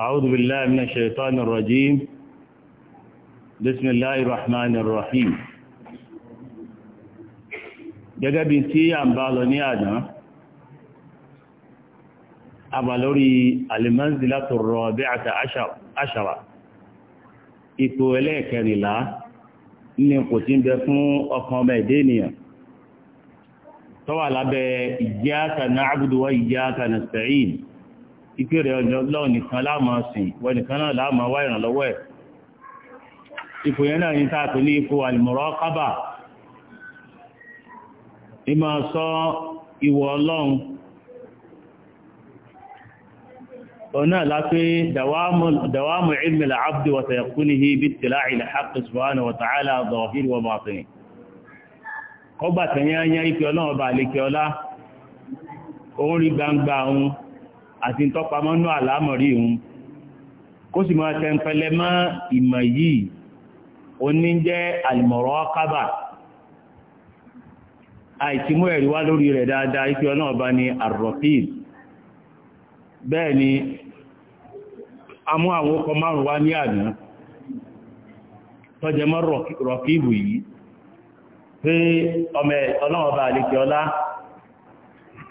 أعوذ بالله من الشيطان الرجيم بسم الله الرحمن الرحيم gẹ́gẹ́ bí tí a ń bá lọ ní àdá a bá lórí al-manzilatu ar-rabi'ata ashara ipò ẹlẹ́ẹ̀kẹrìnlá ní kò tí ń bẹ fún ọkàn ọmọ ẹ̀dẹ́ ènìyàn tó wà lábẹ́ iyyaka na'budu wa iyyaka nasta'in ìpé rẹ̀ ọjọ́ lọ́wọ́ nìkan láàmà sìn wọ nìkan náà láàmà wá ìrànlọ́wọ́ ẹ̀ ipò yẹn náà ní tààtò ní ipò al-muraqaba ní máa sọ ìwọ̀ ọlọ́run ọ̀nà lápé dawamu ilmi al-abdi wa tayaqunihi bi ittila'i al-haqq subhanahu rí gbangba òun àti tọ́pamọ́nú àlámọ̀rí ìhun kó sì máa tẹ́ǹpẹ̀lẹ̀ mọ́ ìmọ̀ yìí oní jẹ́ àlìmọ̀rọ̀ kábà àìtímú ẹ̀rí wá lórí rẹ̀ dáadáa ikú ọ̀nà ọba ni àrọ̀fíìl bẹ́ẹ̀ ni a mú àwọn ọkọ̀ márùn wá ní àná tọ́jẹmọ́ rọ̀kíìbù yìí pé ọmọ ọlọ́ọ̀ba àlekẹ́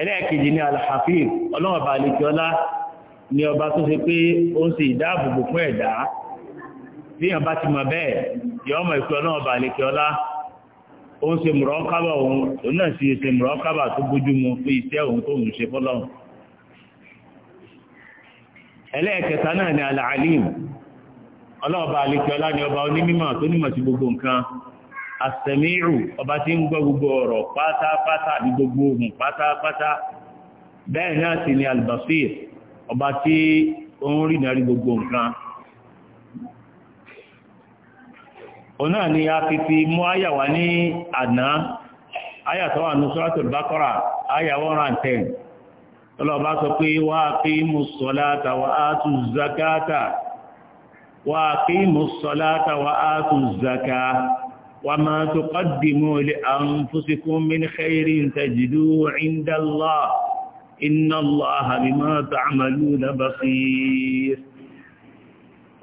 ẹlẹ́ẹ̀kejì ní alhafiz ọlọ́ọ̀bà alẹ́kíọ́lá ni ọba tó ṣe pé ó ń ṣe ìdáàbòbò fún ẹ̀dá bí yàn bá ti mọ̀ bẹ́ẹ̀ yọ ọmọ ìpè ọlọ́ọ̀bà alẹ́kíọ́lá ó ń ṣe mùrọ́kábà òun òun náà sì ṣe mùrọ́kábà tó bójú mu fún iṣẹ́ òun tó ń ṣe fọ́lọ́run àsẹ̀míìrù ọba tí ń gbọ́ gbogbo ọ̀rọ̀ pátápátá ní gbogbo ohun pátápátá bẹ́ẹ̀ náà sì ni albasir ọba tí ó ń rí náà rí gbogbo nǹkan ọ̀nà ni a fi fi mú àyà wá ní àná àyà ní suratul baqara àyà 110 tọ́lọ̀bá sọ pé wa aqimus salata wa atuz zakata wa aqimus salata wa atuz zakata وما تقدموا لأنفسكم من خير تجدوه عند الله إن الله بما تعملون بصير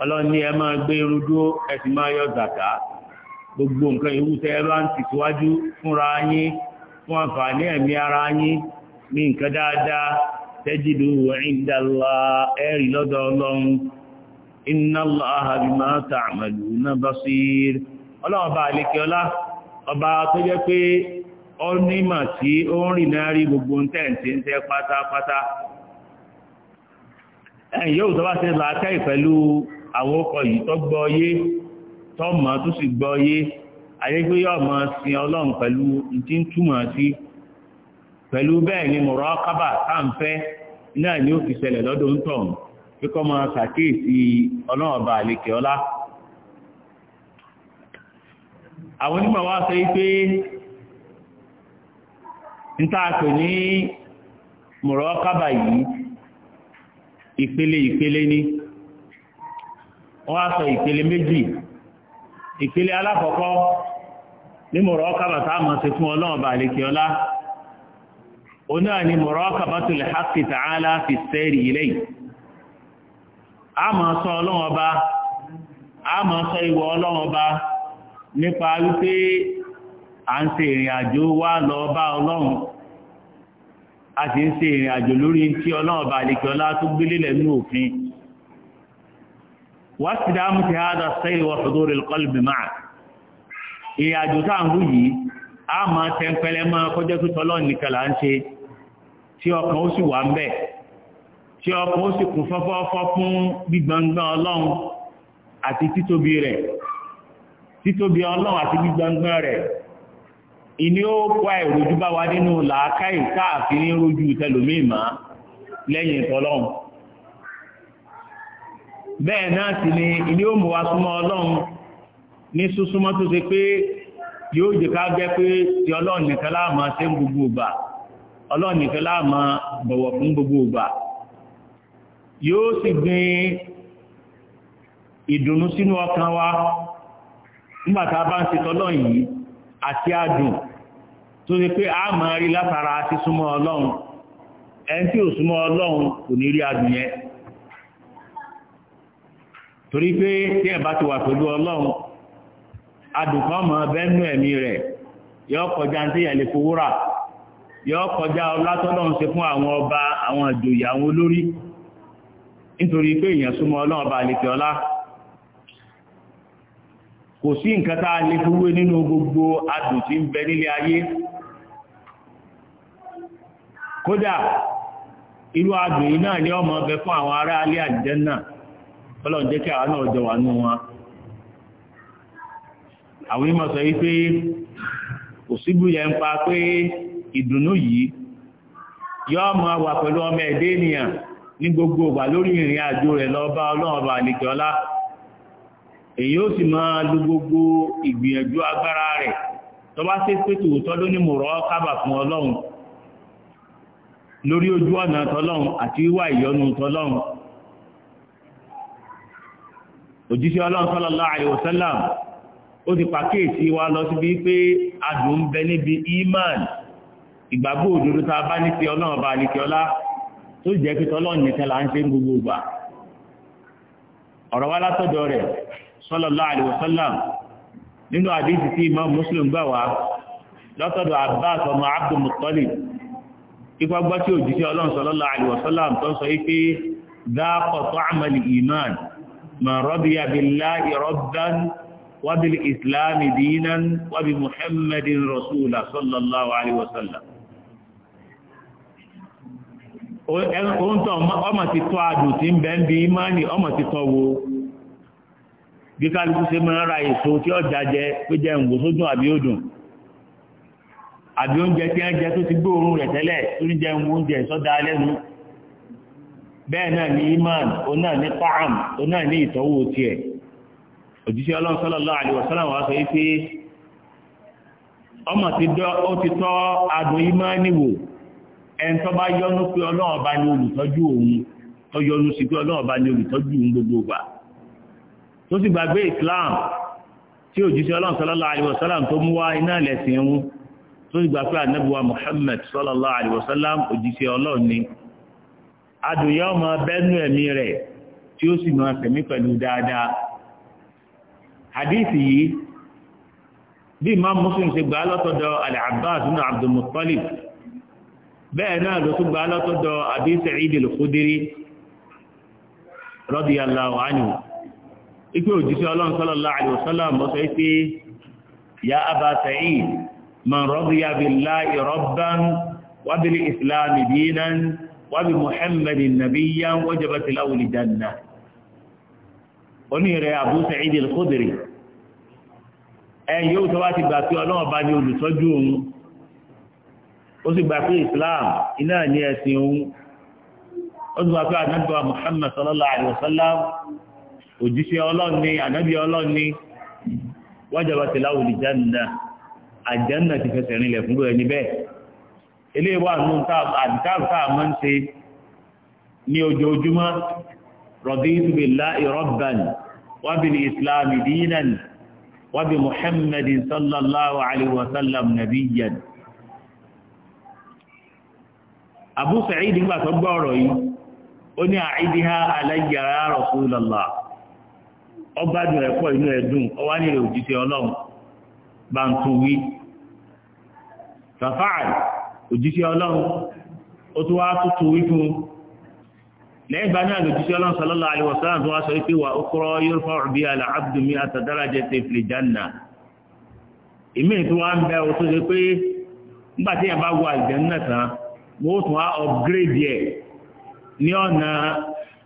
ọlọ́run ni ẹ máa gbé irun dúró ẹ̀sìn máa yọ zàká gbogbo nǹkan ìwúsẹ̀ ẹ bá ń tìsíwájú fúnra yín fún àǹfààní ẹ̀mí ara yín ní nǹkan dáadáa tẹ́jìlú ìdàlá ẹ̀rí lọ́dọ̀ ọlọ́run iná láhàbí máa tààmàlú náà bá ọlọ́run bá àlekè ọlá ọba tó jẹ́ pé ó nímọ̀ tí ó ń rìn náà rí gbogbo tẹ́ǹtì ń tẹ́ pátápátá ẹ̀yìn yóò tó bá ṣe làákẹ́ pẹ̀lú àwọn ọkọ̀ yìí tó gbọ́ yé tó mọ̀ tó sì gbọ́ yé ayé pé yóò mọ̀ sin ọlọ́run pẹ̀lú ìdí ń túmọ̀ sí pẹ̀lú bẹ́ẹ̀ ni mọ̀rọ̀ kábà táǹfẹ́ náà ni ó fi ṣẹlẹ̀ lọ́dún tọ̀hún kíkọ́ mọ̀ sàkíyèsí ọlọ́run ọba ọlá àwọn onímọ̀ wá sọ wípé ntaàpè ní mùrọ́kábà yìí ìpele ìpele ni wọ́n asọ sọ ìpele méjì ìpele alákọ̀ọ́kọ́ ní mùrọ́kábà tá a sí fún ọlọ́run lè kí ọlá oní àní tó lè nípa wípé à ń ṣe ìrìn àjò wá lọ bá ọlọ́run a sì ń ṣe ìrìn àjò lórí tí ọlọ́run bá lè kí ọlá tó gbélé lẹ́nu òfin wá sí dáàmú ti hádà sẹ́yìn wọ́n fòdó rẹ̀ kọ́lùbì máa ìrìn àjò tá à ń wú yìí a máa tẹ́ńpẹ́lẹ́ máa kọjá tó tọ́lọ́ nìkan là ń ṣe tí ọkàn ó sì wà ń bẹ̀ tí ọkàn ó sì kún fọ́fọ́fọ́ fún gbígbọ̀ngbọ̀n ọlọ́run àti títóbi rẹ̀ títóbi ọlọ́run àti gbígbọ́ngbọ́n rẹ̀ ìní ó kọ́ ìrojú bá wa nínú làákàyè káàfin rojú tẹlòmíì mọ́ lẹ́yìn tọlọ́run bẹ́ẹ̀ náà sì ni ìní ó mú wa súnmọ́ ọlọ́run ní súnmọ́ tó ṣe pé yóò jẹ́ ká gbẹ́ pé ti ọlọ́run nìkan láàmọ́ ṣe ń gbogbo ìgbà ọlọ́run nìkan láàmọ́ bọ̀wọ̀ fún gbogbo ìgbà yóò sì gbin ìdùnnú sínú ọkàn wa nígbàtà bá ń ṣe tọ́lọ́ yìí àti àdùn tó ṣe pé a máa rí látara àti súnmọ́ ọlọ́run ẹni tí ò súnmọ́ ọlọ́run kò ní rí àdùn yẹn torí pé tí ẹ̀ bá ti wà pẹ̀lú ọlọ́run àdùn kan mọ̀ bẹ́ẹ̀nú ẹ̀mí rẹ̀ yọ kọjá ní tẹ́yẹ̀ lè yọ kọjá ọlátọ́lọ́run ṣe fún àwọn ọba àwọn ìjòyè àwọn olórí nítorí pé èèyàn súnmọ́ ọlọ́run ọba àlèkè ọlá kò sí nǹkan tá a lè fúwé nínú gbogbo adùn tí ń bẹ nílé ayé kódà irú adùn yìí náà ní ọmọ ọbẹ̀ fún àwọn ará alẹ́ àjẹ́nà ọlọ́run jẹ́ kí àwọn náà jọ wà nú wọn àwọn onímọ̀ sọ wípé kò síbú yẹn ń pa pé ìdùnnú yìí yọ́ ọmọ wà pẹ̀lú ọmọ ẹ̀dẹ́ ènìyàn ní gbogbo ìgbà lórí ìrìn àjò rẹ̀ lọ bá ọlọ́run ọba ọlá èyí ó sì máa lo gbogbo ìgbìyànjú agbára rẹ̀ tó bá ṣe pé tòótọ́ ló ní mọ̀rọ̀ kábà fún ọlọ́run lórí ojú ọ̀nà tọlọ́run àti wíwá ìyọnu tọlọ́run òjíṣẹ́ ọlọ́run sallallahu alaihi wasallam ó ti pàkíyèsí wa lọ síbi pé adùn ń bẹ níbi iman ìgbàgbọ́ òdodo tá bá ní ti ọlọ́run bá ní tó jẹ́ pé tọlọ́run nìkan là ń ṣe gbogbo ọ̀rọ̀ wá látọ̀dọ̀ rẹ̀ sallallahu alaihi wasallam nínú àdíjì tí imam muslim gbà wá látọ̀dọ̀ abbas ọmọ abdul muttalib ipa gbá tí òjíṣẹ́ ọlọ́run sallallahu alaihi wasallam tó sọ ipé dáàkọ̀ tó àmàlì iman ma radiya billahi rabban wa bil islam dinan wa bi muhammadin rasula sallallahu alaihi wasallam ohun bí kálukú ṣe máa ra èso tí ọjà jẹ pé jẹ ǹgbò sódùn àbí òdùn àbí oúnjẹ tí wọ́n jẹ tó ti oòrùn rẹ̀ tẹ́lẹ̀ tó ní jẹ oúnjẹ sọ́dá lẹ́nu bẹ́ẹ̀ náà ni iman òun náà ní paam òun náà ní ìtọ́wò tiẹ̀ òjíṣẹ́ ọlọ́run tó sì gbàgbé Islam tí òjíṣẹ́ ọlọ́run sallallahu alaihi wasallam tó mú wá iná lẹ́sìn ń tó sì gbàgbé ànábùwà Muhammad sallallahu alaihi wasallam òjíṣẹ́ ọlọ́run ni adùnyẹ́ ọmọ bẹ́nu ẹ̀mí rẹ̀ tí ó sì máa fẹ̀mí pẹ̀lú dáadáa hadithi yìí bí imam muslim ṣe gbà látọ̀dọ̀ al-abbas ibn bẹ́ẹ̀ náà ló tún gbà látọ̀dọ̀ abi sa'id al-khudri radiyallahu ipe òjíṣẹ́ ọlọ́run sallallahu alaihi wasallam mọ́ sọ pé ya Aba Sa'id man radiya billahi rabban wa bil islam dinan wa bi muhammadin nabiyyan wajabat lahu al-jannah onírẹ̀ Abu Sa'id al-Khudri ẹ̀yìn yóò bá ti gbà pé ọlọ́run òjíṣẹ́ ọlọ́run ni ànábì ọlọ́run ni wájọba ti láwùlì jáde àjẹ́nà ti fẹsẹ̀ rinlẹ̀ fún ẹni bẹ́ẹ̀ eléyìí wà nù àdìkáàbùká àmọ́ ń ṣe ní ojoojúmọ́ raditu billahi rabban wa bil islam dinan wa bi muhammadin sallallahu alaihi wa sallam abu sa'id nígbà tó gbọ́ ọ̀rọ̀ yìí ó ní àìdíhá aláyàrá rasulallah ọgbádùn ẹ̀kọ́ inú ẹ̀dùn ọwá nílẹ̀ òjíṣẹ́ ọlọ́run bá ń tún wí fàfáàlì òjíṣẹ́ ọlọ́run ó tún wá tuntun wí fún lẹ́yìn bá náà lòjíṣẹ́ ọlọ́run sallallahu alaihi tó wá sọ wà ukra yurfa'u biha al janna tó wá ń bẹ òtún ṣe pé nígbà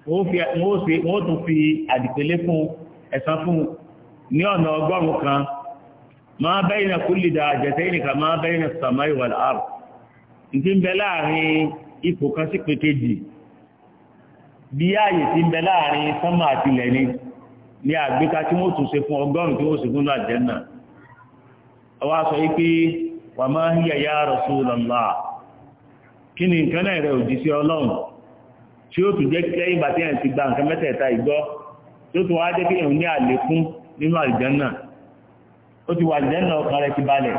tún upgrade fi àdìpẹ́lẹ́ fún ẹ̀san fún ní ọ̀nà ọgọ́rùn kan ma bayna kulli da'jatayn kama bayna as-samai wal-ard ìtí ń bẹ láàrin ipò kan sí pé bí ti ń bẹ láàrin sánmà àti ilẹ̀ ní àgbéká tí wọ́n tún fún ọgọ́rùn tí wa ma ya Rasulullah kí ni nǹkan náà rẹ̀ òjíṣẹ́ ọlọ́run tí ó tún jẹ́ kẹ́yìn bàtí ẹ̀ ti gba nǹkan mẹ́tẹ̀ẹ̀ta tó tó wá jẹ́ kí èèyàn ní àlékún nínú àlìjẹ́nà ó ti wà àlìjẹ́nà ọkàn rẹ̀ ti balẹ̀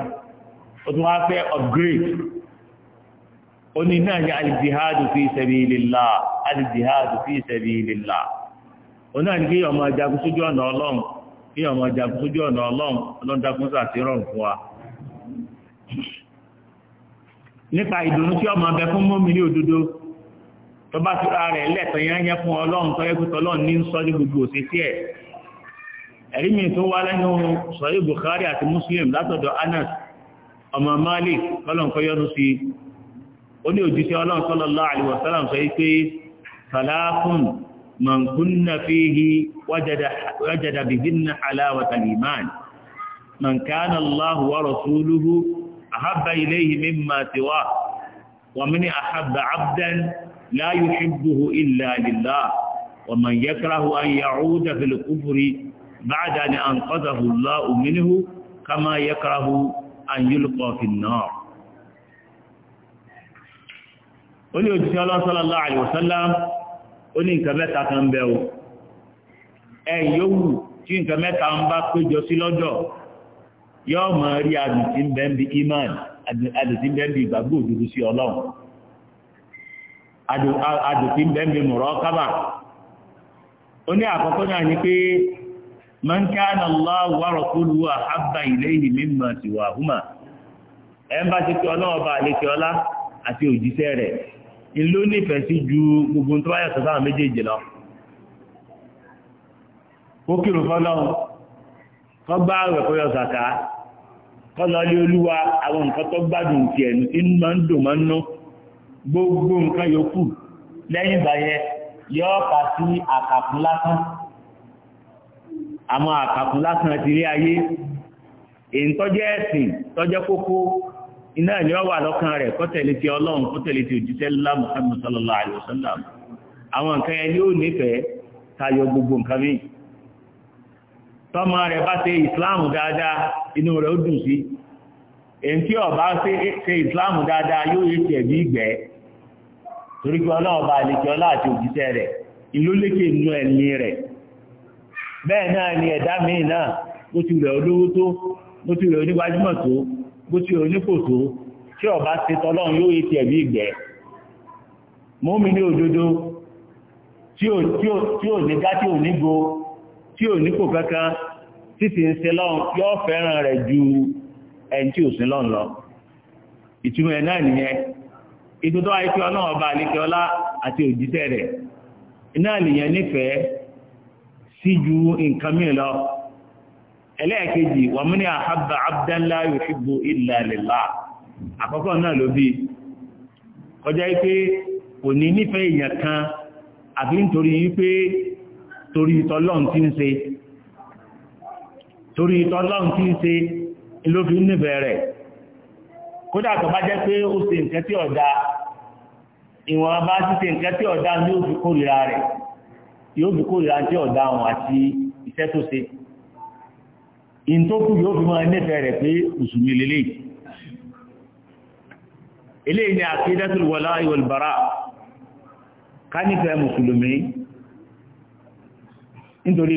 ó tún wá fẹ́ upgrade ó ní náà ní alìjìhádù fi sabilillah alìjìhádù fi sabilillah ó náà ní kí sójú ọ̀nà ọlọ́run kí sójú ọ̀nà ọlọ́run fún wa nípa ìdùnnú tí ọmọ abẹ fún tó bá fi ra rẹ̀ lẹ́tọ̀ yányẹ́ fún ọlọ́run tó yẹ kó tọ́lọ́run ní sọ ní gbogbo òṣèṣì ẹ̀ ẹ̀rí mi tó wá lẹ́nu sọ̀rí Bukhari àti Muslim látọ̀dọ̀ Anas ọmọ Malik tọ́lọ́n kọ́ yọ́nu sí ó ní òjíṣẹ́ ọlọ́run sallallahu alaihi wasallam sọ pé salafun man kunna fihi wajada la yuhibbuhu illa lillah wa man yakrahu an ya'uda fil kufri ba'da an anqadhahu Allahu minhu kama yakrahu an yulqa fin nar ó ní òjíṣẹ́ Allah sallallahu alaihi wasallam ó ní nǹkan mẹ́ta kan bẹ́ o ẹ yòówù tí nǹkan mẹ́ta ń bá rí adùn ń bẹ ń bi iman adùn ń bẹ ń bi ìgbàgbọ́ òdodo sí ọlọ́run adùtí bẹ́ẹ̀mí mọ̀rọ̀ kábà o ní àkọ́kọ́ náà ni pé man kana Allah wa rasuluhu ahabba ilayhi mimma siwahuma ẹ ń bá ti kí ọlọ́wọ́ bá ọlá àti rẹ̀ ìlú ju gbogbo tó báyọ̀ sọ́sọ́ méjèèjì lọ kó gbogbo nǹkan yòókù lẹ́yìn ìgbà yẹn yọ kà sí àkàkùn lásán àmọ́ àkàkùn lásán ti rí ayé èyí tọ́jẹ́ ẹ̀sìn tọ́jẹ́ kókó iná ni wà lọ́kàn rẹ̀ kọ́tẹ̀lẹ̀ ti ọlọ́run kọ́tẹ̀lẹ̀ ti òjíṣẹ́ gbogbo dùn èyí tí ọba ṣe islam dáadáa yóò yé tiẹ̀ bí ìgbẹ́ torí pé ọlọ́ọ̀ba àlejò ọlá àti òjíṣẹ́ rẹ̀ ìlú lékè nínú ẹ̀mí rẹ̀ bẹ́ẹ̀ náà ni ẹ̀dá míì náà bó ti rẹ̀ olówó tó bó ti rẹ̀ onígbájúmọ̀ tó bó ti rẹ̀ onípò tó tí ọba ṣe tọlọ́run yóò yé tiẹ̀ bí ìgbẹ́ mọ́mí ní òdodo tí ò ní gá ò ní go tí ò ní kò kankan títí ń ṣe lọ́run yóò fẹ́ràn rẹ̀ ju ẹni tí ò sí lọ́n lọ ìtumọ̀ ẹ̀ náà nìyẹn ìtútù àìsí ọlọ́run ọba àlékè ọlá àti òjíṣẹ́ rẹ̀ náà nìyẹn nífẹ̀ẹ́ sí ju nǹkan mìíràn lọ ẹlẹ́ẹ̀kejì wà mú ní àhábà abdánlá yòṣùgbò illa lillah àkọ́kọ́ náà ló bí kọjá wípé kò ní nífẹ̀ẹ́ èèyàn kan àbí nítorí wípé torí ìtọ́lọ́n tí ń ṣe torí ìtọ́lọ́n tí ń ṣe ló fi nífẹ̀ẹ́ rẹ̀ kódà tó bá jẹ́ pé ó ṣe nǹkan tí ọ̀dá ìwọ̀n bá ti ṣe nǹkan tí ọ̀dá yóò fi kórìíra rẹ̀ yóò fi kórìíra tí ọ̀dá wọn àti iṣẹ́ tó ṣe in tó kú yóò fi máa nífẹ̀ẹ́ rẹ̀ pé mùsùlùmí lélẹ̀ ni àkídátul walā'i wal barā' ká nífẹ̀ẹ́ mùsùlùmí nítorí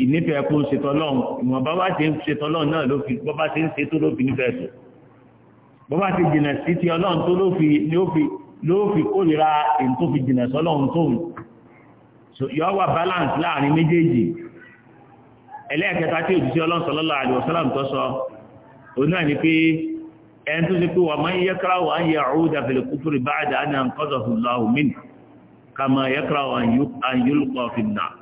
ìnífẹ̀ẹ́ kó ṣetọ́lọ́n ìwọ̀n bá bá ṣe ń ṣetọ́lọ́n náà ló fi bọ́ bá ṣe ń ṣe tó ló fi nífẹ̀ẹ́ tó bọ́ bá ṣe jìnà sí ti ọlọ́run tó ló fi ló fi kórìíra èyí tó fi jìnà sọ́lọ́run tóun yọ wà balance láàrin méjèèjì ẹlẹ́ẹ̀kẹta tí òjíṣẹ́ ọlọ́run sallallahu alaihi wasallam tó sọ òun náà ni pé ẹni tó ṣe pé wà máa ń yẹ́kra wà ń yẹ ọ̀húdà fil kufri ba'da an anqadhahu Allahu minhu kama yẹ́kra wà ń yulqa fin nar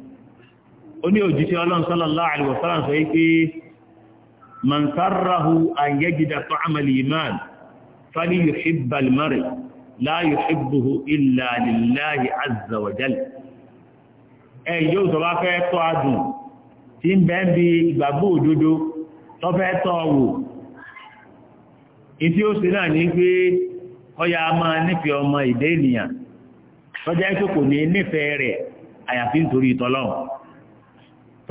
ó ní òjíṣẹ́ ọlọ́run sallallahu alaihi wasallam sọ pé man sarrahu an yajida ta'ama al-iman fali yuhibba al-mar'i la yuhibbuhu illa lillahi azza wa jalla ẹ yóò sọ bá fẹ́ tọ́ adùn tí ń bẹ́ ń bi ìgbàgbọ́ òdodo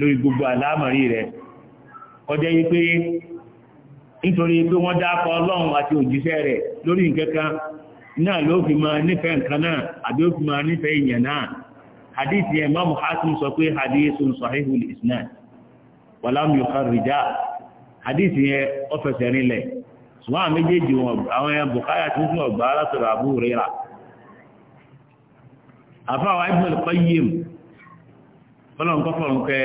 lórí gbogbo àlámọ̀rí rẹ̀ kọjá yìí pé nítorí pé wọ́n dákọ ọlọ́run àti òjíṣẹ́ rẹ̀ lórí nǹkankan náà ló fi máa nífẹ̀ẹ́ nǹkan náà àbí ó fi máa nífẹ̀ẹ́ èèyàn náà hadith yẹn sọ pé hadithun sahihul isnad walam yukharrija hadith yẹn ó fẹsẹ̀ rinlẹ̀ ṣùgbọ́n àwọn méjèèjì wọn àwọn ẹ̀yàn Bukhari àti alásọ̀rọ̀ ọlọ́run kọ́ fọ̀rọ̀ nkẹ́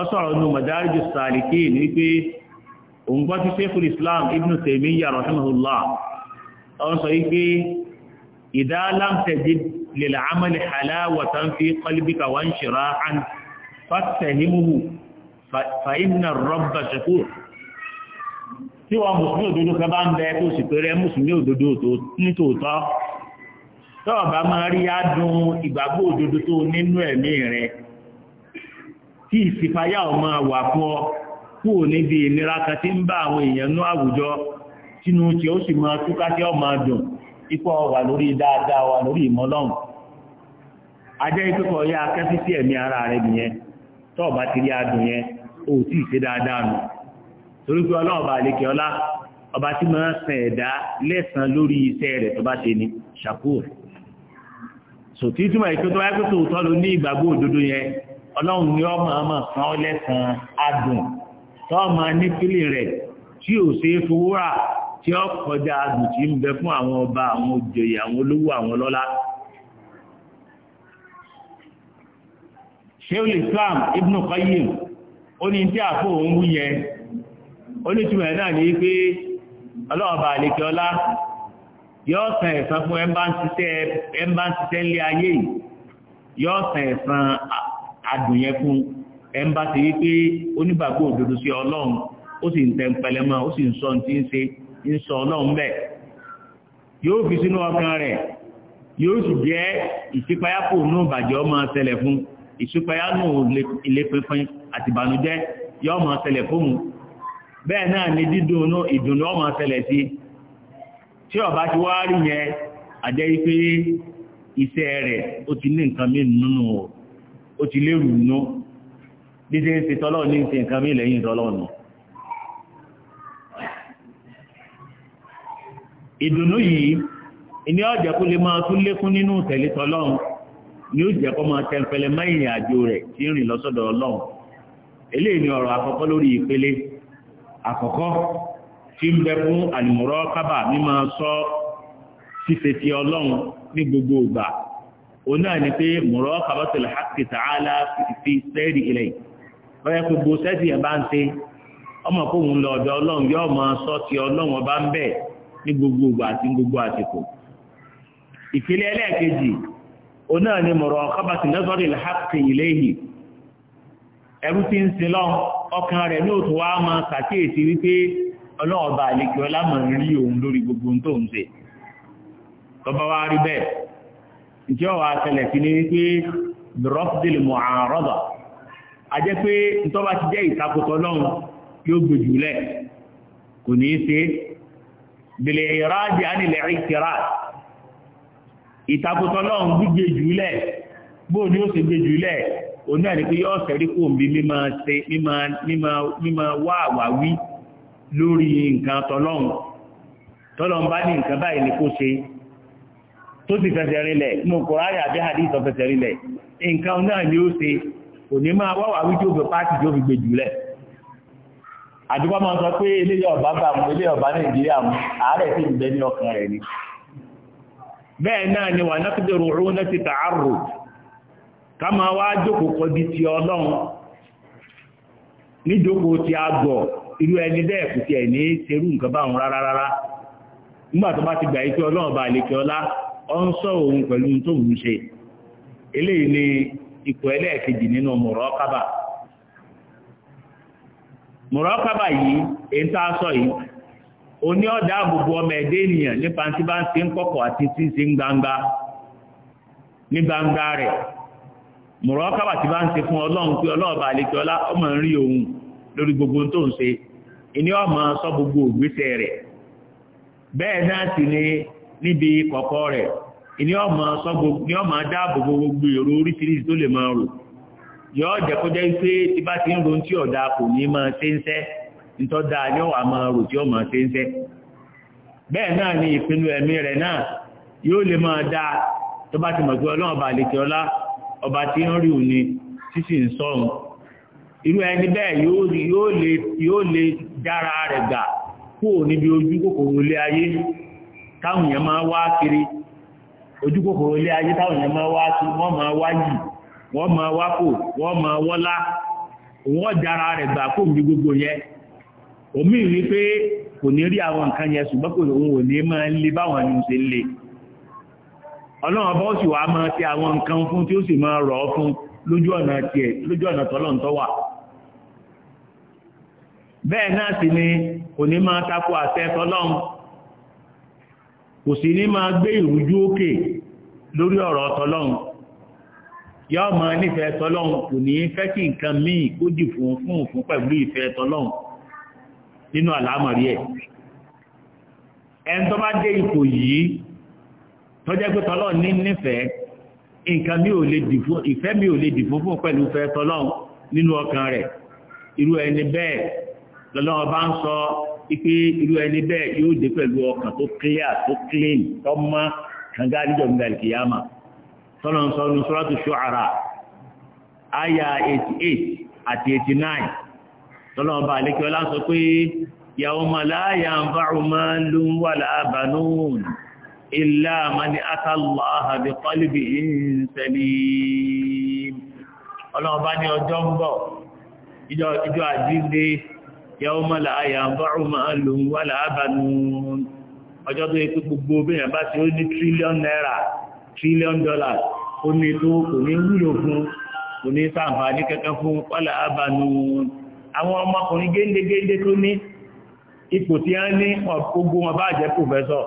ọ sọ̀rọ̀ nù Madarij as-Salikin ní pé òun gbọ́ tí Sheikhul Islam Ibn Taymiyyah rahimahullah ọ sọ yìí pé idha lam tajid lil amali halawatan fi qalbika wa inshirahan fattahimuhu fa inna ar-Rabba shakur wọ́n mùsùlùmí òdodo kan bá ń bẹ tọ́ọ̀bá máa rí adùn ìgbàgbọ́ òdodo tó nínú ẹ̀mí rẹ̀ tí ìsìfayá ọmọ wà fún ọ kúrò níbi ìnira kan tí ń bá àwọn èèyàn ní àwùjọ tínú tí ó sì máa túká tí ọmọ dùn ipò wà lórí dáadáa wà lórí ajẹ́ ìpẹ́kọ̀ akẹ́sí sí ẹ̀mí ara ti rí yẹn ó tí ọba tí máa ń lẹ́sàn lórí iṣẹ́ rẹ̀ tó ni sòtí túmọ̀ ètò tó wáyé pẹ̀tò òótọ́ ló ní ìgbàgbọ́ òdodo yẹn ọlọ́run ni ọmọ ọmọ kan ó lẹ́sàn-án adùn tọ́ọ̀mọ nípìlì rẹ̀ tí ò ṣe é fowó rà tí ó kọjá adùn tí ń bẹ fún àwọn ọba àwọn òjòyè àwọn olówó àwọn ọlọ́lá. sheul islam ibn qayyim ó ní tí àpò òun wú yẹn ó ní túmọ̀ náà ní pé ọlọ́ọ̀bà àlekẹ́ ọlá yóò san ẹ̀san fún ẹ̀mbáṣiṣẹ́ ilé ayé yìí yóò san ẹ̀san àdùnyẹ fún ẹ̀mbáṣi wípé onígbàgbọ́ òdodo sí ọlọ́run ó sì ń tẹ pẹlẹmọ ó sì ń sọ ti ń ṣe ń sọ ọlọ́run bẹ́ẹ̀ yóò fi sínú ọkàn rẹ̀ yóò sì jẹ́ ìṣípayá kò nú ìbàjẹ́ ọmọ ṣẹlẹ̀ fún ìṣípayá nù ilé pínpín àti ìbànújẹ́ yóò máa ṣẹlẹ̀ fóun bẹ́ẹ̀ náà ni dídùn ìdùnnú ọmọ ṣẹlẹ̀ sí i tí ọba ti wá rí yẹn àjẹ́ pé iṣẹ́ rẹ̀ ó ti ní nǹkan nínú o ó ti lérò nínú bí ṣe ń ní ṣe nǹkan lẹ́yìn tọ́lọ́ nù. ìdùnnú yìí ìní ọ̀jẹ̀ lè máa tún lékún nínú tẹ̀lé ni ó jẹ́ máa àjò tí ń bẹ fún àlùmọ̀rọ̀ kábà mímọ́ sọ ṣíṣe ti ọlọ́run ní gbogbo ìgbà òun náà ni pé mọ̀rọ̀ kábà tó lè hàkì tààlà fi sẹ́ẹ̀rì ilẹ̀ báyẹ̀ gbogbo sẹ́ẹ̀tì yẹn bá ń ṣe ọmọ kóhun lọ ọ̀dọ̀ ọlọ́run yóò mọ sọ ti ọlọ́run ọba ń bẹ ní gbogbo ìgbà àti gbogbo àsìkò ìpele ẹlẹ́ẹ̀kejì òun náà ni mọ̀rọ̀ kábà tó ọlọ́ọ̀bà àlekè ọlámọ̀ rí òun lórí gbogbo ohun tó ń ṣe tọba wa rí bẹ́ẹ̀ ìjọ wa ṣẹlẹ̀ sí ni wípé drọ́pdìlì mọ̀ àrọ́dà a jẹ́ pé ntọ́ba ti jẹ́ ìtakùtọ̀ lọ́hùn yóò gbèjù lẹ̀ kò ní í ṣe bìlẹ̀ ìrájì ánilẹ̀ ìkìrà ìtakùtọ̀ lọ́hùn gbígbèjù bóò ni ó sì gbèjù òun náà ni pé yóò ṣẹ̀rí kó mi mímọ wá lórí nǹkan tọ́lọ́hun tọ́lọ́hun bá ní nǹkan báyìí ní kó ṣe tó ti fẹsẹ̀ rinlẹ̀ mú kòráyà àbí hadith ọ̀fẹsẹ̀ rinlẹ̀ nǹkan náà ni ó ṣe kò ní máa wáwà wí tí pàtì tí ó fi gbè jùlẹ̀ àdúgbò ti tààrù irú ẹni bẹ́ẹ̀ kò tiẹ̀ ní serú nǹkan báwọn rárá nígbà tó bá ti gbà yìí pé ọlọ́run ọ ń sọ òun pẹ̀lú tó ń ṣe eléyìí ni ipò ẹlẹ́ẹ̀kejì nínú yìí èyí tá a sọ yìí ọmọ ẹ̀dẹ́ ènìyàn nípa tí bá gbangba ní gbangba rẹ̀ tí bá ń fún ọlọ́run pé lórí gbogbo tó ìní ọmọ sọ gbogbo ògbésẹ̀ rẹ̀ bẹ́ẹ̀ náà sì ni níbi kọkọ rẹ̀ ìní ọmọ sọ gbogbo ní ọmọ gbogbo èrò oríṣiríṣi tó lè máa rò yọ pé tí ti ń ro tí ọ̀dà kò ní máa ṣe ń rò tí ó máa ṣe ń sẹ́ bẹ́ẹ̀ náà ni ìpinnu ẹ̀mí náà yóò lè máa da tó bá ti mọ̀ pé ọlọ́run ọba ọba tí ń rí òní sísì ń irú ẹni yóò dára rẹ̀ gà kúrò níbi ojúkòkòrò ilé ayé táwọn èèyàn máa wá kiri ojú ilé ayé táwọn èèyàn máa wá sí wọ́n máa wá yìí wọ́n máa wá kò wọ́n máa wọ́lá wọ́n dára rẹ̀ gbà ní gbogbo yẹ omi rí pé kò ní rí àwọn nǹkan yẹn ṣùgbọ́n kò òun ò ní máa báwọn ẹni ṣe ti àwọn nǹkan fún tí ó sì máa rọ̀ ọ́ bẹ́ẹ̀ náà sì ni kò ní máa tako àṣẹ tọ́lọ́run kò sì ní máa gbé ìrújú òkè lórí ọ̀rọ̀ tọ́lọ́run yọ́ ma nífẹ̀ẹ́ tọ́lọ́run kò ní fẹ́ kí nǹkan míì kó dì fún fún fún pẹ̀lú ìfẹ́ tọ́lọ́run nínú àlámọ̀rí ẹ̀ ẹni tó bá dé ipò yìí tó jẹ́ pé tọ́lọ́run ní nífẹ̀ẹ́ nǹkan mi ò lè dì fún ìfẹ́ mi ò lè dì fún fún pẹ̀lú ìfẹ́ tọ́lọ́run nínú ọkàn rẹ̀ irú ẹni bẹ́ẹ̀ lọ́lọ́wọ́ bá ń sọ ipé irú ẹni bẹ́ẹ̀ yóò dé pẹ̀lú ọkàn tó clear tó clean tó mọ́ kànga níjọba ìkìyàmà sọ́nà ń sọ ní suratu Shu'ara àyà 88 àti 89 lọ́lọ́wọ́ bá lékè ọlá sọ pé yawma la yanfa'u malun wala banun illa man ata Allaha bi qalbin salim ọlọ́wọ́ bá ní ọjọ́ ń bọ̀ ìjọ àjíǹde yawma la yanfa'u malun wala banun ọjọ́ tó yẹ pé gbogbo obìnrin bá ti ó ní tírílíọ̀n náírà tírílíọ̀n dọ́là ó ní tó kò ní wúlò fún kò ní sàǹfààní kankan fún wala banun àwọn ọmọkùnrin géńdégéńdé tó ní ipò tí a ní gbogbo wọn bá jẹ́ pòfẹ́sọ̀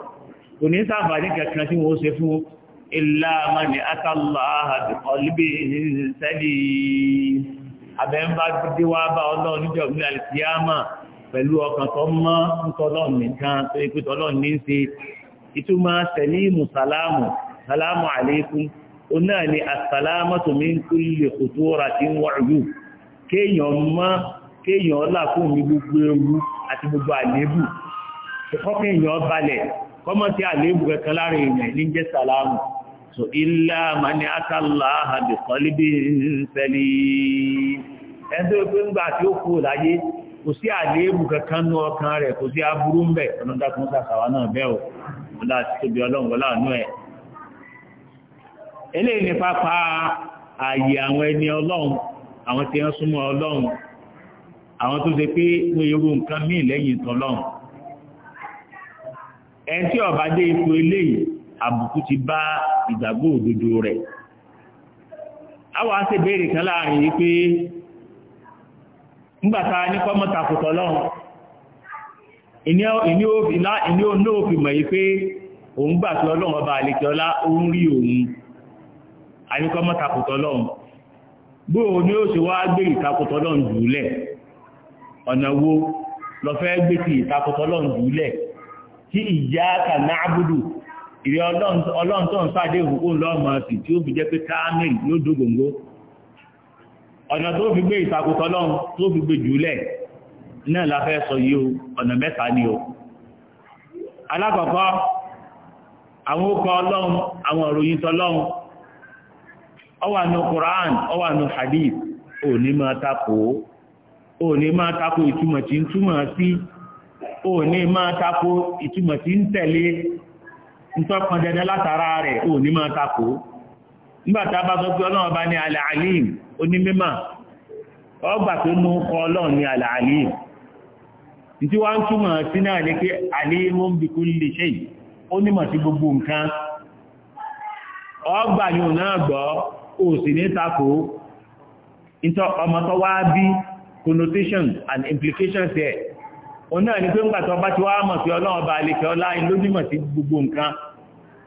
kò ní sàǹfààní kankan tí wọ́n ṣe fún illa man atallaha biqalbin salim abịanba dídé wá bá ọlọ́run níjọ́ ìlú pẹ̀lú ọkàn tó mọ́ ń nìkan tó yẹ pé tọ́lọ́run ní ṣe ìtumọ̀ sẹ̀límù sàlámù sàlámù àlékún oná ni àsàlámọ́tò mi ń tí ń wọ̀rú kéèyàn so ilá mani atàlá àbìkọ́líbí sẹ́lí ẹ̀ndọ́ pé ń gbà tí ó kú láyé kò sí àléébù kankan ní ọkàn rẹ̀ kò sí aburú ń bẹ̀ sàkàwà náà bẹ́ẹ̀ o ti ẹ̀ eléyìí ní pápá ààyè àwọn ẹni ọlọ́run àwọn tí wọ́n súnmọ́ ọlọ́run àwọn tó ṣe pé wọ́n àbùkù ti bá ìgbàgbọ́ òdodo rẹ̀ àwọn aṣèbéèrè kan láàrin yìí pé ńgbàta ní kọ́mọ́takùtọ̀ lọ́hùn ìní òní òfin mọ̀ yìí pé òun gbà tí ọlọ́run ọba àlekẹ́ ọlá òun rí òun àníkọ́ mọ́takùtọ̀ lọ́hùn bó o ní ó ṣe wá gbé ìtakùtọ̀ lọ́hùn jùlẹ̀ ọ̀nà wo lọ fẹ́ gbé ti ìtakùtọ̀ lọ́hùn jùlẹ̀ tí iyyaka na'budu ìrẹ ọlọ́run tó ń sáàdé ìhùkú lọ́mọ sí tí ó fi jẹ́ pé káàmì ló dógóngó ọ̀nà tó fi gbé ìtakùtọ̀ ọlọ́run tó fi gbé jùlẹ̀ náà la sọ yìí o ọ̀nà mẹ́ta ni o alákọ̀ọ́kọ́ àwọn okọ̀ ọlọ́run àwọn òròyìn tọlọ́run ó ní Quran ó wà hadith ò ní máa takò ò ní máa takò ìtumọ̀ tí ń ntọ́kan dandan látara rẹ̀ ò ní máa takò nígbàtà bá sọ pé ọlọ́run bá ní alẹ́ alim onímímà ọgbà tó mú kọ ọlọ́run ní alẹ́ alim ntí wọ́n ń túmọ̀ sí náà ní pé alimun bi kulli shay onímọ̀ sí gbogbo nǹkan ọgbà yóò náà gbọ́ sì ní takò ntọ́ and implications there òun náà pé mọ̀ sí ọlọ́run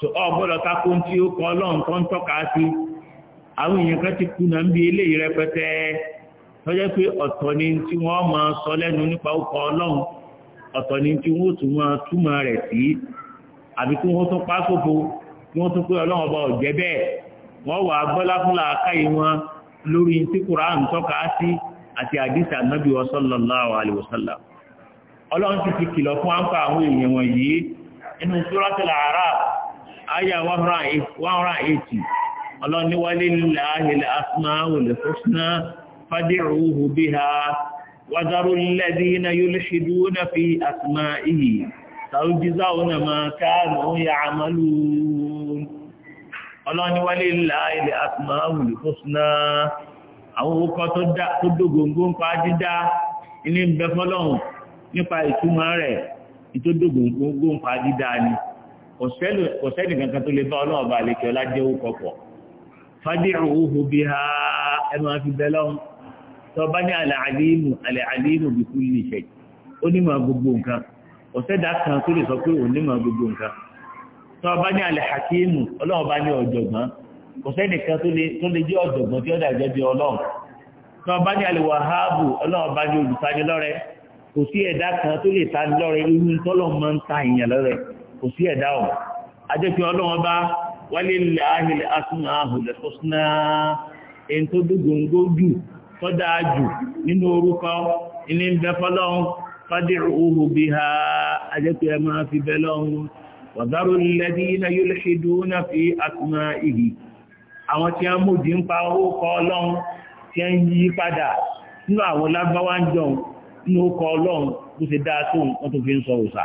so ọgbọ́dọ̀ tako tí ó kọ ọlọ́run tó ń tọ́ka sí àwọn èèyàn kan ti kùnà ń bi eléyìí rẹpẹtẹ lọ́jọ́ pé ọ̀tọ̀ ni tí wọ́n máa sọ lẹ́nu nípa ó kọ ọlọ́run ọ̀tọ̀ ni tí wọ́n tún máa túmọ̀ rẹ̀ sí àbí kí wọ́n tún pa sófo kí wọ́n tún pé ọlọ́run ọba ọ̀jẹ́ bẹ́ẹ̀ wọ́n wà bọ́lá fún làákàyè wọn lórí tí Kùránì tọ́ka sí àti àdìsí Ànábì sallallahu alaihi wasallam ọlọ́run ti ti kìlọ̀ fún àǹkà àwọn èèyàn wọ̀nyí inú Suratul A'raf àyà one hundred eighty ọlọ́ni wálé nílẹ̀ ahìlẹ̀ asúná wòlé fúnṣúná fádìrúhù bí ha wádàrú lẹ́dí iná yóò lè ṣèdú náà fi asúná ìhì sàújíza òun àmà káàmù ya àmàlù ọlọ́ni wálé nílẹ̀ ahìlẹ̀ asúná wòlé fúnṣúná àwọn orúkọ tó dógóngó ń pa dídá kò sẹ́ni kankan tó lè bá ọlọ́wọ́ bá lè kí ọlá jẹ́ owó kọ̀pọ̀ fad'uhu biha ẹ máa fi bẹ́ lọ́hùn tó bá ní al-alimu al-alimu bi kulli shay ó ní máa gbogbo nǹkan kò sẹ́dá kan tó lè sọ pé òun ní máa gbogbo nǹkan tó bá ní al-hakimu ọlọ́wọ́ bá ní ọ̀jọ̀gbọ́n kò sẹ́ni kan tó lè jẹ́ ọ̀jọ̀gbọ́n tí ó dàjẹ́ bí ọlọ́run tó bá ní al-wahabu ọlọ́wọ́ kò sí ẹ̀dá ọ̀ ajẹ́pẹ́ ọlọ́wọ́n bá wálé ilẹ̀ ahìlẹ̀ asúnmọ́ ahùlẹ̀ tó súná èyí tó dógóńgó jù tó dáa jù nínú orúkọ ilé ń bẹ fọlọ́hún fádìrú òhù bí ha ajẹ́pẹ́ ẹ máa fi bẹ lọ́hún wàzárò lẹ́dí iná yóò lè ṣe dúró dáa tó wọn tó fi ń sọ òòsà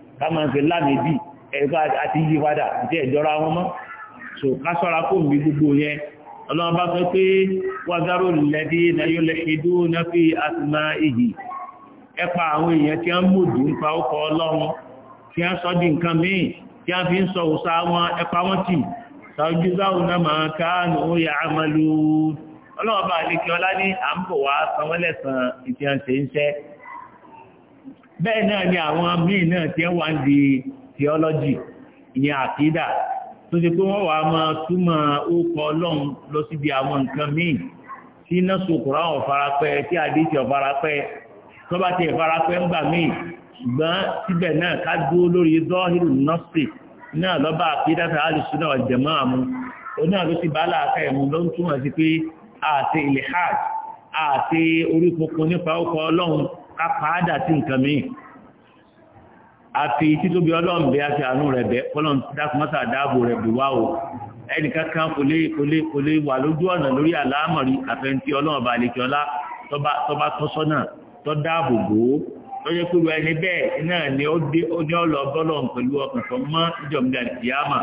ká máa ń pè lámẹ́bí ẹ̀kọ́ àti yí padà àti ẹ̀jọ́ra wọn mọ́ so ká sọ́ra kó ń bí gbogbo yẹn ọlọ́run bá sọ pé wàzárò lẹ́dí na yóò lè ṣe dúró náà fi àtìmá ìhì ẹpa àwọn èèyàn tí wọ́n mòdù ń pa ọkọ̀ ọlọ́run tí wọ́n sọ di nǹkan míì tí wọ́n fi ń sọ òsà wọn ẹpa wọn tì sàójú báwọn náà máa ká nù ó yà á máa lò ó ọlọ́run bá àlekí ọlá ní à ń bọ̀ wá sanwó lẹ́sàn ìtìyànṣe ń ṣẹ́ bẹ́ẹ̀ náà ni àwọn míì náà tí wà ń di theology ìyẹn àkídà tó ṣe pé wọ́n wà máa túmọ̀ ókọ ọlọ́run lọ síbi àwọn nǹkan míì tí iná sokùnrán ọ̀farapẹ́ tí àdéhìí ọ̀farapẹ́ tọ́ba ti ìfarapẹ́ ń gbà míì ṣùgbọ́n síbẹ̀ náà ká dúró lórí zọ́hìrì nọ́ọ̀sì náà lọ́ba àkídà tá a lè ṣúná ọ̀jẹ̀mọ́ àmú oní àlọ́ ti bá láàká ẹ̀mú ló ń túmọ̀ sí pé àti ilẹ̀ hajj àti orí funfun nípa ókọ ọlọ́run ká pàádà sí nǹkan mi àfi títóbi ọlọ́run bẹ́ àti àánú rẹ̀ bẹ́ kọ́lọ́n dákùmọ́sà dáàbò rẹ̀ bù wá o ẹnìkankan kò lè kò lè kò lè wà lójú ọ̀nà lórí àlámọ̀rí àfẹntí ọlọ́run bá àlejò ọlá tọ́ba tọ́sọ́nà tọ́ dáàbò bò ó lọ́jọ́ pé wọ́n ẹni bẹ́ẹ̀ náà ni ó dé ó ní ọ̀lọ́ bọ́lọ̀n pẹ̀lú ọkàn tó mọ́ ìjọba àtìyámà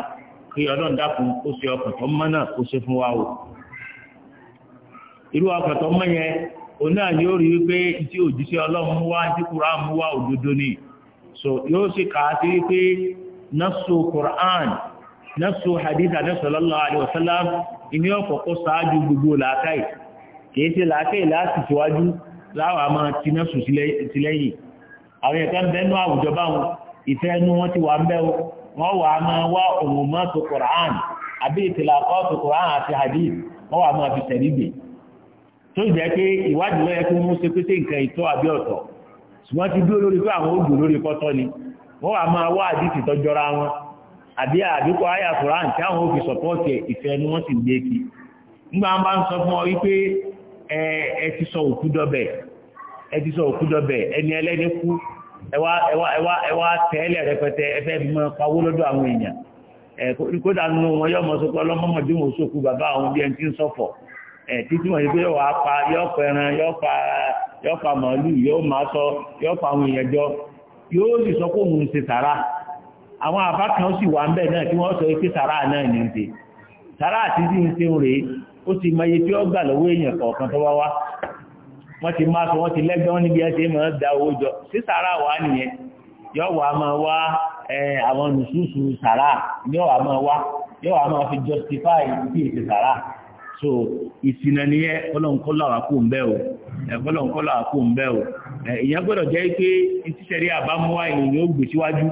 kí ọlọ́run dákun kó ṣe ọkàn tó mọ́ náà kó ṣe fún o irú ọkàn tó òun náà yóò rí wípé tí òjíṣẹ́ ọlọ́run wá tí kúrán mú wá òdodo ni so yóò sì kà á sí wípé nọ́ọ̀sù kúrán nọ́ọ̀sù hadith sallallahu alaihi wasallam ìní ọ̀kọ̀ọ̀kọ̀ ṣáájú gbogbo làákàyè kìí ṣe làákàyè láti tíwájú láwà máa ti nọ́ọ̀sù sílẹ̀yìn àwọn ẹ̀ka ń bẹ́nu àwùjọ báwọn ìfẹ́ inú wọn ti wà ń bẹ́ wọn wà á máa wá òmùmọ́ tó kúrán àbí ìtìlàkọ́ tó jẹ́ pé ìwádìí lọ́yẹ kí wọ́n ṣe nǹkan ìtọ́ àbí ọ̀tọ̀ ṣùgbọ́n ti dúró lórí pé àwọn ògùn lórí kọ́tọ́ ni wọ́n wà máa wá àdìsí tọ́jọ́ra wọn àbí àdìkọ àyà Kùránì tí àwọn òfin sọ̀pọ̀ọ̀tì ìfẹ́ ni wọ́n sì gbé kí nígbà wọn bá ń sọ fún ọ wípé ẹ ti sọ òkú ẹ ti sọ òkú ẹni ẹlẹ́ni ẹ̀tí tí wọ́n yí wà pa yọ́ pẹran yọ́ pa màálù yóò máa sọ yọ́ pa àwọn èèyàn yóò sì sọ pé òun àwọn àbá kan sì wà ń náà tí wọ́n sọ pé sàrà náà ní àti tí ń rèé ó sì mọ iye tí ó gbà lọ́wọ́ èèyàn kọ̀ọ̀kan tó wá wá wọ́n ti máa sọ wọ́n ti lẹ́gbẹ́ wọn níbi ẹsẹ̀ máa da owó jọ sí wà nìyẹn yọ́ àwọn nùsùsù yọ́ wà máa wá yọ́ wà máa fi justify ìdí so ìsìnà nìyẹn kọ́lọ̀nkọ́lọ̀ àkó ń bẹ́ o kọ́lọ̀nkọ́lọ̀ àkó ń bẹ́ o ìyẹn gbọ́dọ̀ jẹ́ pé tíṣẹ̀rí àbámúwá ènìyàn ó gbé síwájú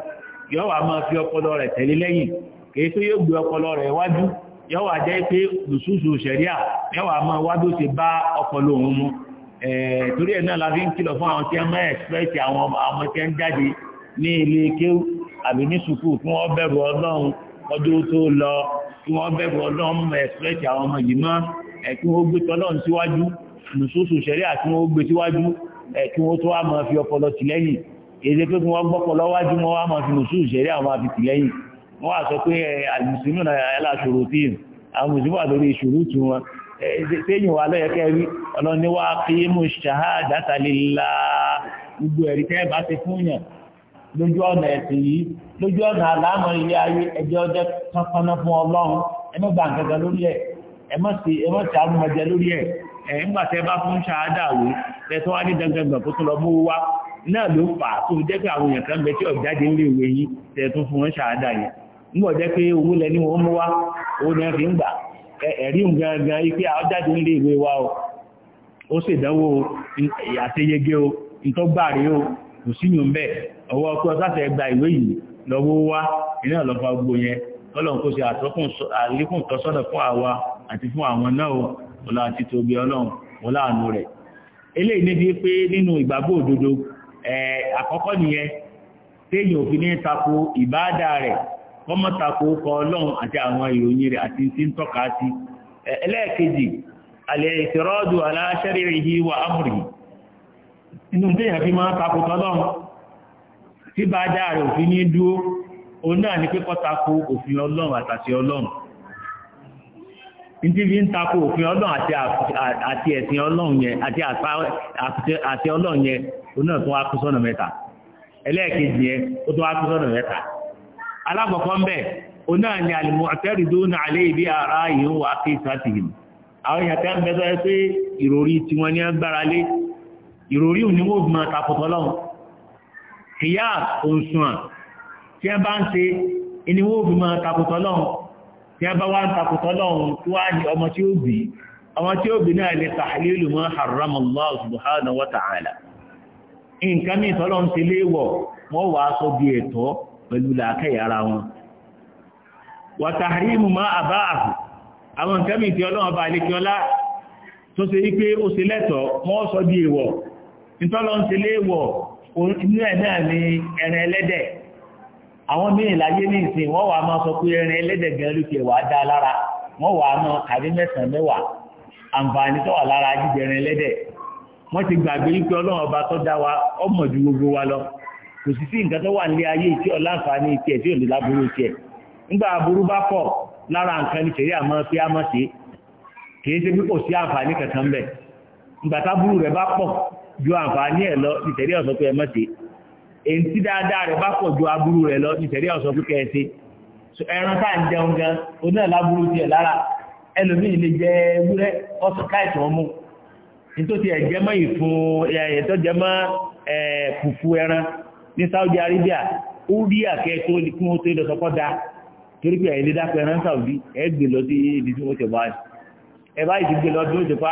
yóò wá máa fi ọpọlọ rẹ̀ tẹ̀lé lẹ́yìn kìí pé yóò gbé ọpọlọ rẹ̀ wájú yóò wá jẹ́ pé lùsùsù ṣẹ̀ríà yóò wá máa wá bí ó bá ọpọlọ òun mu torí ẹ̀ náà la fi ń kìlọ̀ fún àwọn kí wọ́n bẹ̀rù ọlọ́run ẹ̀sìpẹ́ẹ̀tì àwọn ọmọ yìí mọ́ ẹ̀kí wọ́n gbé tọ́lọ́run síwájú lùsúsù ṣẹ̀rí àti wọ́n gbé síwájú ẹ̀kí wọ́n tó wá máa fi ọpọlọ tìlẹ́yìn èdè pé kí wọ́n gbọ́pọlọ wájú wọn wá máa fi lùsúsù ṣẹ̀rí àwọn àfi tìlẹ́yìn wọ́n wá sọ pé àlùsùnú aláṣòro tí àwọn mùsùlùmí wà lórí ìṣòro tí wọn sẹ́yìn wà lọ́yẹ̀kẹ́ rí ọlọ́ni wá kí mú ṣàhádà tàlélá gbogbo ẹ̀rí tẹ́ bá ti fún yàn lójú ọ̀nà ẹ̀sìn yìí lójú ọ̀nà àlámọ̀ ilé ayé ẹjẹ́ ọjọ́ pápáná fún ọlọ́run ẹmọ́ gbà nǹkan lórí ẹ̀ ẹmọ́ sí ẹmọ́ sí lórí ẹ̀ ẹ̀ ńgbà tẹ́ bá fún ṣáádà wò tẹ́tọ́ wá ní dandangbà kó tó lọ mú wá náà ló fà á tó jẹ́ pé àwọn èèyàn kan bẹ wé yín tẹ́tún fún wọn ṣáádà yẹn owó lẹ ní owó ni fi ń gbà ẹ̀rí wé wa o ó àtẹyẹgẹ o ọwọ́ ọkọ̀ sáfẹ́ gba ìwé yìí lọ́wọ́ wá iná lọ́fà gbogbo yẹn ọlọ́run kó ṣe àlékún tọ́sọ́dọ̀ fún àwa àti fún àwọn náà ọlá àti tóbi ọlọ́run rẹ̀ tí fi máa tọ́lọ́run tí bá dáa rẹ̀ òfin ní dúó o náà ni pé kó tako òfin ọlọ́run àtàṣe ọlọ́run fi ń tako òfin ọlọ́run àti ẹ̀sìn ọlọ́run yẹn àti àṣẹ ọlọ́run yẹn o náà tún wá kú sọ́nà mẹ́ta ẹlẹ́ẹ̀kejì yẹn wá kú sọ́nà mẹ́ta alákọ̀ọ́kọ́ náà ni ibi ara yìí ń àwọn èèyàn tẹ́ ń bẹ́ sọ́yẹ́ pé ìròrí tiwọn ní agbára lé ìròrí kìyà òṣùwọ̀n tí wọ́n bá ń ṣe ìníwó òbí máa takùtọ̀ lọ́hùn tí wọ́n bá wá ń takùtọ̀ lọ́hùn tí wọ́n á ní ọmọ tí ó bì í ọmọ tí ó bì náà lè tàhálílù mọ́ haramallahu subhanahu wa ta'ala nǹkan ní ìtọ́lọ́ ń ṣe léèwọ̀ wọ́n wà á inú ẹ̀ náà ni ẹran ẹlẹ́dẹ̀ àwọn míì láyé ní ìsìn wọ́n wàá máa sọ pé ẹran ẹlẹ́dẹ̀ gan ló wàá dá lára wọ́n wàá máa kàrí mẹ́sàn mẹ́wàá àǹfààní tó wà wọ́n ti gbàgbé wípé ọlọ́run ọba tó dá wa ọmọ ju gbogbo wa lọ kò sì sí nǹkan tó wà nílé ayé tí ọ̀la àǹfààní tiẹ̀ tí ò lè tiẹ̀ nígbà aburú bá pọ̀ lára nǹkan àmọ́ pé sí ìgbàtà burú rẹ̀ bá pọ̀ ju àǹfààní ẹ̀ lọ ìtẹ̀rí ọ̀sọ́ pé ẹ má ṣe èyí tí dáadáa rẹ̀ bá pọ̀ ju aburú rẹ̀ lọ ìtẹ̀rí ọ̀sọ́ pé kẹ́ ẹ ṣe ẹran tá à ń jẹun gan oní ẹ̀ láburú tiẹ̀ lára ẹlòmíì lè jẹ ewúrẹ́ ọ̀sán káìsàn ọmú nítòsí ẹ̀jẹ̀ mọ́ ìfun ẹ̀tọ́ jẹ mọ́ fùfú ẹran ní Saudi Arabia ó rí àkẹ́ tó kí wọ́n tó lọ́sọ̀kọ́ da torí pé ẹ̀yìn lè dákọ̀ ẹran Saudi ẹ̀ gbé lọ sí ibi tí wọ́n ti wá ẹ̀ báyìí ti gbé lọ bí ó ti pa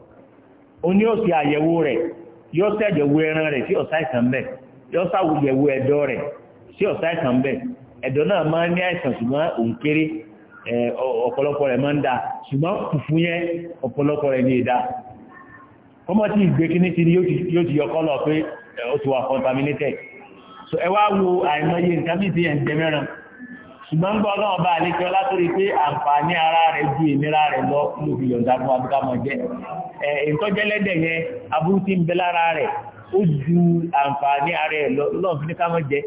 oní òsì àyẹ̀wò rẹ̀ yóò ṣàyẹ̀wò ẹran rẹ̀ tí ọ̀sá ìsàn bẹ̀ yóò ṣàwùyẹ̀wò ẹ̀dọ̀ rẹ̀ tí ọ̀sá ìsàn bẹ̀ ẹ̀dọ̀ náà máa ń ní àìsàn ṣùgbọ́n òun kéré ọ̀pọ̀lọpọ̀ rẹ̀ máa ń da ṣùgbọ́n fùfú ọ̀pọ̀lọpọ̀ rẹ̀ ní ìdá ọmọ tí ìgbé ti yóò ti yọ kọ́lọ̀ ti wà contaminated so ẹ ṣùgbọ́n gbọ́ náà bá àlékẹ́ látòrí pé àǹfààní ara rẹ̀ ju ìnira rẹ̀ lọ ló fi yọ̀ǹda fún abúlé àmọ́ jẹ́ ìtọ́jẹ́lẹ́dẹ̀ yẹn aburú ti ń bẹ lára rẹ̀ ó ju àǹfààní ara rẹ̀ lọ lọ́n fi ní ká mọ́ jẹ́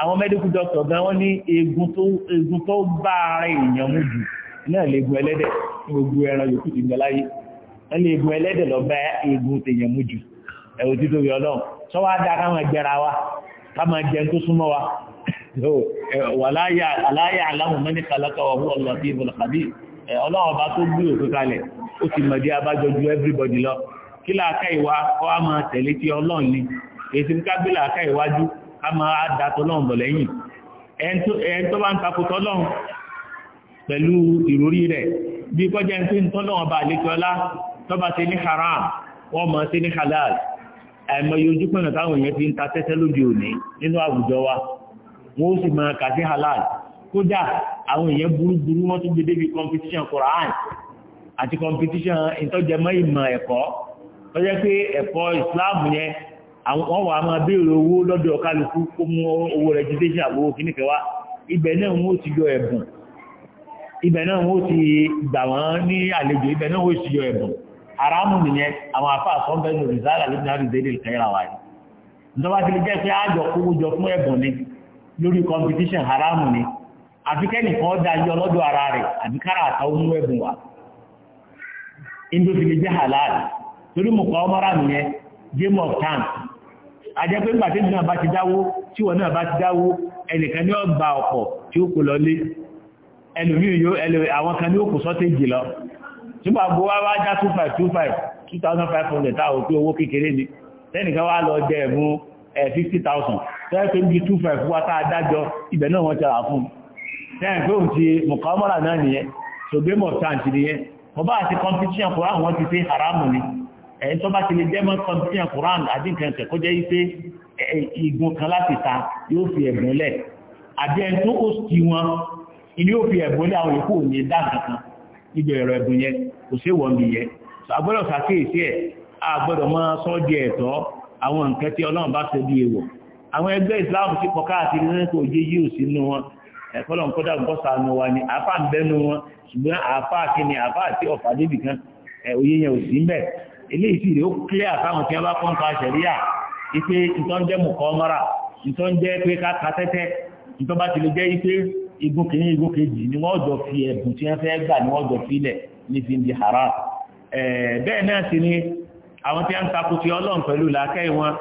àwọn mẹ́díkù dọ́kítọ̀ gan wọ́n ní eegun tó bá ara èèyàn mú jù náà léegun ẹlẹ́dẹ̀ ní gbogbo ẹran yòókù ti ń bẹ láyé wọ́n lé eegun ẹlẹ́dẹ̀ lọ bá eegun tèèyàn mú jù ẹ̀wò títò yọ náà sọ wá dá ká máa wa ká máa tó súnmọ́ wa Eh, wàláyà aláhùn mẹ́ni kàlákà wà fún ọlọ́tí ìbọn kàbí eh, ọlọ́wọ́ bá tó gbé òkú kalẹ̀ ó ti mọ̀dí abájọ everybody lọ kí láàká ìwà ọwá máa tẹ̀lé tí ọlọ́run ni èsì ń kábí láàká ìwájú ká máa dàtọ̀ lọ́run bọ̀ lẹ́yìn ẹn tó bá ń takòtọ́ lọ́run pẹ̀lú ìròrí rẹ̀ bí kọjá ń pín tọ́lọ́run bá àlékọ́ ọlá tó bá ṣe ní wọ́n ó sì máa kà halal kódà àwọn èèyàn burúburú wọ́n tún gbé débi competition Quran àti competition ìtọ́jẹmọ́ ìmọ̀ ẹ̀kọ́ tó jẹ́ pé ẹ̀kọ́ Islam yẹn wọ́n wà máa béèrè owó lọ́dọ̀ kálukú kó mú owó registration àbówó kìnnìkan wá ibẹ̀ náà wọ́n ó ti yọ ẹ̀bùn ibẹ̀ náà wọ́n ó ti gbà wọ́n ní àlejò ibẹ̀ náà wọ́n ó ti yọ ẹ̀bùn haramu nìyẹn àwọn afa àsọ̀nbẹ́ni rìsáàlà lóbi lè jẹ́ pé àjọ kówó fún ẹ̀bùn ni lórí competition haramu ni àfikẹ́nì kan dájọ́ lọ́dọ̀ ara rẹ̀ àbíkára àtàwọn ohun ẹ̀bùn wa indofili jẹ́ halal torí mo kọ́ ọmọra mi yẹn game of time ajẹ́ pé nígbà tí èmi náà bá ti dáwó tí wọ́n náà bá ti dáwó ẹnìkan ní ọgbà ọ̀pọ̀ tí ó kò lọlé ẹlòmíì yóò ẹlò àwọn kan ní ó kò sọ́tẹ́jì lọ túbà bó wá wá já 2525 2500 táwọn pé owó kékeré ni tẹ́nìkan wá lọ jẹ ẹ̀mú 50,000 tẹ́ẹ̀ pé bí 25 wá táa dájọ́ ibẹ̀ náà wọ́n tẹ́ra fún tẹ́ẹ̀ pé òun ti mọ̀kànmọ́là náà nìyẹn ṣògbémọ̀ tàǹtì nìyẹn wọ́n bá àti competition Quran wọ́n ti fi haramu ni ẹ̀yìn tó bá ti lè jẹ́mọ́ competition Quran àdínkẹ̀kẹ̀ kó jẹ́ pé igun kan láti ta yóò fi ẹ̀bùn lẹ̀ àbí ẹni tó ó sì wọn ni yóò fi ẹ̀bùn lẹ̀ àwọn yòókù ò ní dá nǹkan kan ibẹ̀ ẹ̀rọ ẹ̀bùn yẹn kò sí wọ́n bí yẹn àgbọ́dọ̀ sàkéèsí ẹ̀ àgbọ́dọ̀ máa sọ́ àwọn nǹkan tí ọlọ́run bá ṣe bí ewọ̀ àwọn ẹgbẹ́ islam ti pọ̀ káàkiri náà kò yé yíò sínú wọn ẹ̀kọ́lọ́n kọ́dà ń bọ́sà nu wa ni àáfà ń bẹ́nu wọn ṣùgbọ́n àáfà kí ni àáfà àti ọ̀fà débì kan òye yẹn ò sí ń bẹ̀ eléyìí sì rè ó clear fáwọn tí wọ́n bá kọ́ńtà ṣẹ̀ríyà ipe nǹkan jẹ́ mọ̀kọ́ mọ́ra nǹkan jẹ́ pé ká tẹ́tẹ́ nǹkan bá ti lè jẹ́ ipe igun kìíní ni wọ́n jọ fi ni wọ́n jọ fi ilẹ̀ ní ni àwọn tí a ń takò fi ọlọ́run pẹ̀lú làákẹ́ wọn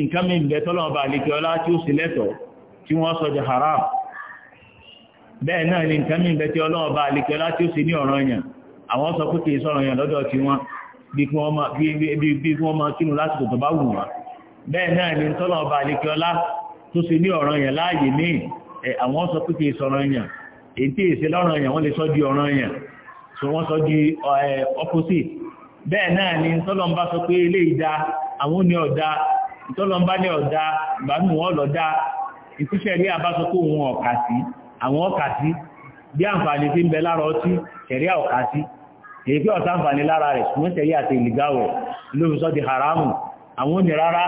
nǹkan mi bẹ tọ́lọ́run bá lè kí ọlá tí ó sì lẹ́tọ̀ tí wọ́n sọ di haram bẹ́ẹ̀ náà ni nǹkan mi bẹ tí ọlọ́run bá lè kí ọlá tí ó sì ní ọ̀ranyàn àwọn sọ pé kì í sọ̀rọ̀ yàn lọ́dọ̀ tí wọ́n bí kí wọ́n máa kínú lásìkò tó bá wù wọ́n bẹ́ẹ̀ náà ni tọ́lọ́run bá lè kí ọlá tó sì ní ọ̀ranyàn láàyè bẹ́ẹ̀ náà ni tọ́lọ́mbá sọ pé ilé ìdá àwọn ní ọ̀dá tọ́lọ́mbá ní ọ̀dá ìbánú ọlọ́dá ìfíṣẹ́ ilé àbá sọ pé òun ọ̀kà sí àwọn ọ̀kà sí bí àǹfààní tí ń bẹ lára ọtí ṣẹ̀rí ọ̀kà sí èyí pé ọ̀tá àǹfààní lára rẹ̀ ṣùgbọ́n ṣẹ̀rí àti ìlìgáwẹ̀ lórí sọ́ di haramu àwọn òní rárá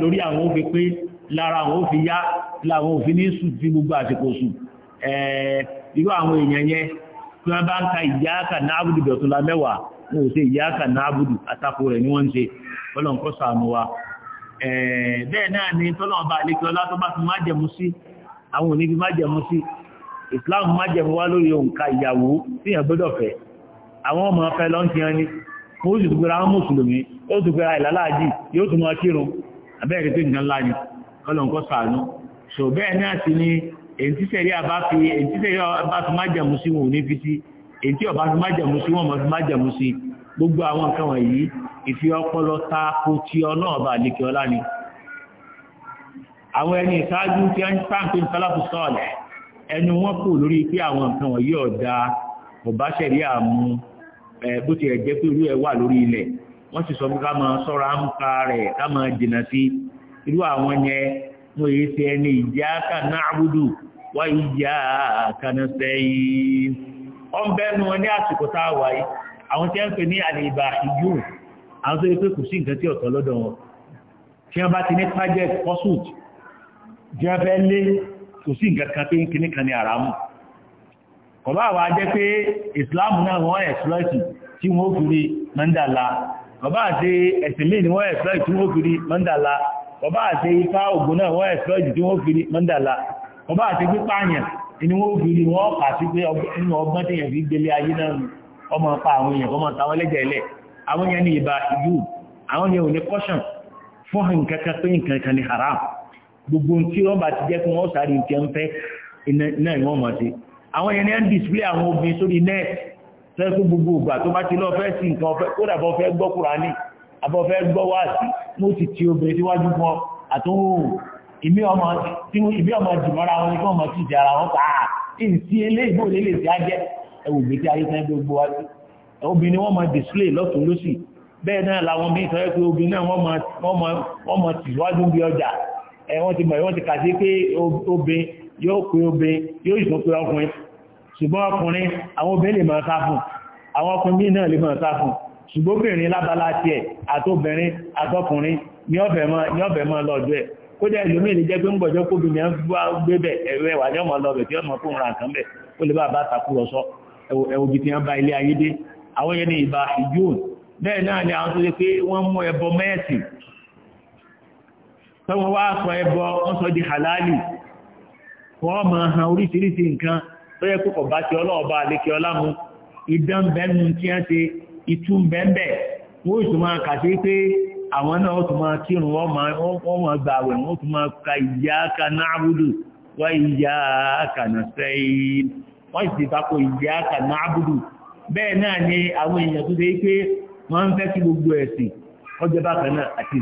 lórí àwọn ó pé lára àwọn ó yá láwọn òfin ní sùn fi gbogbo àsìkò sùn irú àwọn èèyàn yẹn tí wọ́n bá ń ka ìyáàkà náà àbùdù dọ̀tún la mẹ́wàá wọn ò ṣe ìyáàkà náà àtakò rẹ̀ ni wọ́n ń ṣe ọlọ́run kó ṣàánú wa bẹ́ẹ̀ náà ni tọ́lọ́run bá lékè ọlá tó bá fi májẹ̀mú sí àwọn òní fi májẹ̀mú sí Islam májẹ̀mú wá lórí òǹkà ìyàwó fíyàn gbọ́dọ̀ fẹ́ àwọn ọmọ ọ̀fẹ́ lọ́ntìyàn ni ó sì tún gbéra mùsùlùmí ó tún gbéra ìlàláàjì yóò tún mọ kírun abẹ́rẹ́ tó nìkan láàyè ọlọ́run kó ṣàánú so bẹ́ẹ̀ náà sì ni èyí sẹ́rí àbá fi èyí sẹ́rí àbá fi májàmú sí wọn ò ní fi sí èyí ọba fi májàmú sí wọn mọ̀ fi májàmú sí gbogbo àwọn nǹkan wọ̀nyí ìfi ọpọlọ ta kò tí ọ náà bá lékè ọlá ni àwọn ẹni ìsáájú tí a ń pàǹpé sálàfù sọ́ọ̀lẹ̀ ẹnu wọn kò lórí pé àwọn nǹkan wọ̀nyí ọ̀dà ọba sẹ́rí àmú bó ti ẹ̀ jẹ́ pé irú ẹ̀ wà lórí ilẹ̀ wọ́n mo yìí ṣe ẹni iyyaka na'budu wa iyyaka nasta'in ọ̀n bẹ́nu wọn ní àsìkò tá a wà yìí àwọn tí wọ́n ń pè ní àlèbà ìjú àwọn tó yẹ pé kò sí nǹkan tí ọ̀tọ̀ lọ́dọ̀ wọn tí wọ́n bá ti ní project pursuit jẹ́ fẹ́ lé kò sí nǹkan kan pé kíní kan ní àràmù kọ̀bá àwà jẹ́ pé Islam náà wọ́n ẹ̀sùlọ́ìtì tí wọ́n fi rí mọ́ndàlá kọ̀bá àti ẹ̀sìn mí ni wọ́n ẹ̀sùlọ́ìtì tí wọ́n fi rí mọ́ndàlá ọba àti ifá ògùn náà wọ́n ẹ̀sọ́jì tí wọ́n fi rí mọ́ndàlá ọba àti pípààyàn ni wọ́n fi rí wọ́n kà sí pé inú ọgbọ́n tí èèyàn fi gbélé ayé náà ọmọ pa àwọn èèyàn kọ́mọ táwọn lẹ́jẹ̀ ilẹ̀ àwọn èèyàn ní ìbá ìlú àwọn èèyàn ò ní kọ́ṣàn fún nǹkan kan pé nǹkan kan ní haram gbogbo tí wọ́n bá ti jẹ́ kí wọ́n sáré nǹkan ń fẹ́ náà ni wọ́n mọ̀ sí àwọn èèyàn ní ń display àwọn obìnrin sórí nẹ́ẹ̀tì fẹ́ kó gbogbo ògbà tó bá ti lọ fẹ́ sí nǹkan kódà bọ́ fẹ́ gbọ́kùnrin abọ́fẹ́ gbọ́ wá sí mú ti ti obìnrin síwájú fún àtúnhùn ìmí ọmọ jùmọ́ra wọn ní kí wọ́n mọ̀ sí ìjà ara wọn pàá ìsí ilé ìbò lélè sí ajẹ́ ẹwù gbèsè ayé tán gbogbo wá sí obìnrin wọ́n máa display lọ́tún lọ́sì bẹ́ẹ̀ náà làwọn bí sọ pé obìnrin náà wọ́n mọ̀ tìwájú bí ọjà ẹ̀wọ́n ti mọ̀ ẹ̀wọ́n ti kà sí pé obìnrin yóò pe obìnrin yóò ìsún pe ọkùnrin ṣùgbọ́n ọkùnrin àwọn obìnrin lè máa sá fún àwọn ọkùnrin ṣùgbóbìnrin lábala ti ẹ̀ àtobìnrin àtọkùnrin ní ọ̀fẹ́ mọ́ lọ́jọ́ ẹ̀ kó jẹ́ ìlúmí ìlú jẹ́ pé ń gbọ̀jọ́ kóbi ní ẹgbẹ́ gbébẹ̀ ẹ̀rẹ́ wà ní ọmọ lọ́bẹ̀ tí ọmọ tó ń ra nǹkan bẹ̀ ó lè bá bá takúrọ̀sọ ẹwòbí tí wọ́n bá ilé ayé dé àwọn yẹn ní ìbá ìjún bẹ́ẹ̀ náà ni àwọn tó ṣe pé wọ́n mú ẹbọ mẹ́ẹ̀sì tọ́wọ́ wá sọ ẹbọ wọ́n sọ di halali wọ́n máa han oríṣiríṣi nǹkan tó yẹ kó kọ̀ bá ti ọlọ́ọ̀bá àlékè ọlá mu ìdán bẹ́ẹ̀ nu tí wọ́n ṣe itu bẹ́ẹ̀bẹ́ wọ́n ìtú máa kà pé àwọn náà tún máa wọ́n máa gbà wẹ̀ wọ́n tún máa ka iyyaka na'budu wa iyyaka wọ́n sì tako bẹ́ẹ̀ náà ni àwọn èèyàn tó ṣe pé wọ́n ń fẹ́ kí gbogbo ẹ̀sìn ọjọ́ bákan àti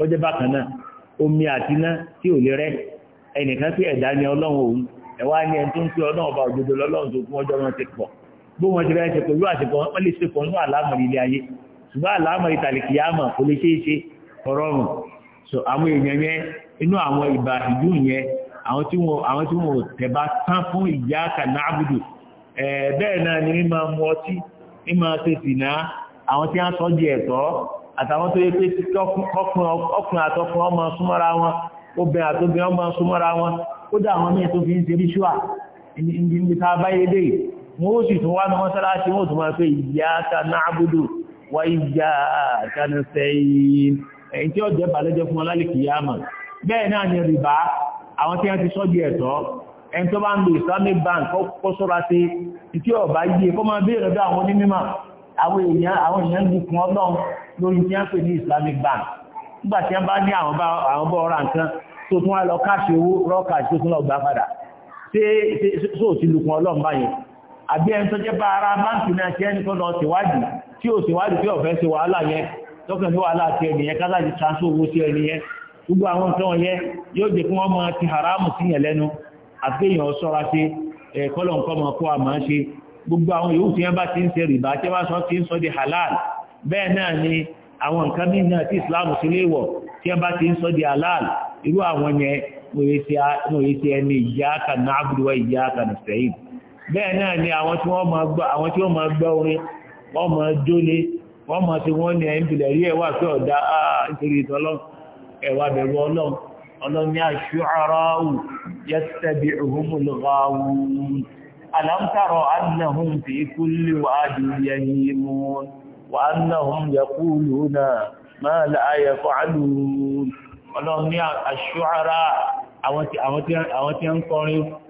ọjọ́ omi àti iná tí ò lè ẹnìkan sí ẹ̀dá ni ọlọ́run ni ẹni tó ń ọlọ́run ọba òdodo lọ́lọ́run tó fún ọjọ́ náà ti pọ̀ bó wọn ti rẹ́ ṣe pẹ̀lú àṣepọ̀ wọn lè ṣepọ̀ nínú àlámọ̀rí ilé ayé ṣùgbọ́n àlámọ̀rí tàlìkìyàmọ̀ kò lè ṣeé ọ̀rọ̀rùn so àwọn èèyàn yẹn inú àwọn ìbà ìlú yẹn àwọn tí wọn àwọn tẹ̀bá tán fún ìyá kàná àbùdù bẹ́ẹ̀ náà ni mímọ ọtí mímọ àwọn tí wọn ẹ̀tọ́ àtàwọn tó yẹ ọmọ súnmọ́ra wọ́n ó sì tún wá ní mọ́sálásí wọ́n tún máa pé iyyaka na'budu wa iyyaka nasta'in ẹ̀yìn tí ó jẹ́ bàlẹ́jẹ́ fún ọlálẹ̀ bẹ́ẹ̀ náà ni rìbá àwọn tí wọ́n ti sọ́jú ẹ̀tọ́ ẹni tó bá ń lo Islamic bank kó sọ́ra sí tí ó bá yíye kó máa béèrè bí àwọn onímọ̀ àwọn èèyàn àwọn èèyàn gbùkún ọlọ́run lórí tí wọ́n pè ní Islamic bank nígbà tí wọ́n bá ní àwọn bọ́ ọ̀rá nǹkan tó tún wá lọ káàṣì owó rọ́ọ̀kà tó tún lọ gbà padà ṣé ó ti lùkún ọlọ́run báyìí àbí ẹni tó jẹ́ bá ara báńkì náà tí ẹnì kan lọ ṣèwádìí tí ò ṣèwádìí tí ò fẹ́ ṣe wàhálà yẹn tọ́kàn sí wàhálà ti ẹni yẹn kásá ti transfer owó sí ẹni yẹn gbogbo àwọn nǹkan yẹn yóò jẹ́ kí wọ́n máa ti haramu sí yẹn lẹ́nu àti èèyàn sọ́ra ṣe ẹ̀ kọ́lọ̀ nǹkan máa kó àmọ́ ṣe gbogbo tí wọ́n bá ti ń ṣe rìbá tí wọ́n sọ ti ń sọ di halal bẹ́ẹ̀ náà ni àwọn nǹkan míì náà tí Islam sí léèwọ̀ tí wọ́n bá ti ń sọ di halal irú àwọn yẹn mo yẹ ti ẹni iyyaka na'budu wa iyyaka nasta'in bẹ́ẹ̀ náà ni àwọn tí wọ́n máa gbọ́ àwọn tí wọ́n máa gbọ́ orin wọ́n máa jólé wọ́n máa ti wọ́n ní ẹ̀yìn ìbílẹ̀ rí ẹ̀wà pé ọ̀dá àà nítorí ìtọ́lọ́ ẹ̀wà bẹ̀rù ọlọ́run ọlọ́run ní ash-shu'ara'u yattabi'uhumul ghawun alam àwọn tí ń kọrin